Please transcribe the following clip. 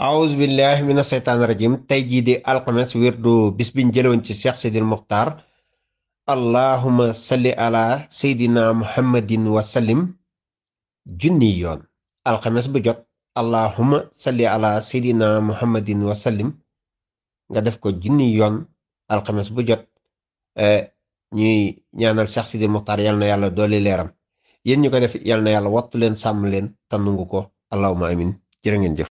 awuz billahi mina seytaan rajim tey jii di alxames wirdu bis biñ jëlewoon ci Cheikh Sidil Muxtaar allahuma salli ala seydina muhammadin wa sallim junni yoon alxames bu jot allahuma salli ala seydina muhammadin wa sallim nga def ko junni yoon alxames bu jot ñuy ñaanal Cheikh Sidil Muxtaar yal na yàlla dooli leeram yéen ñu ko def yal na yàlla wattu leen sàmm leen te nangu ko allahuma amin jërë ngeen jëf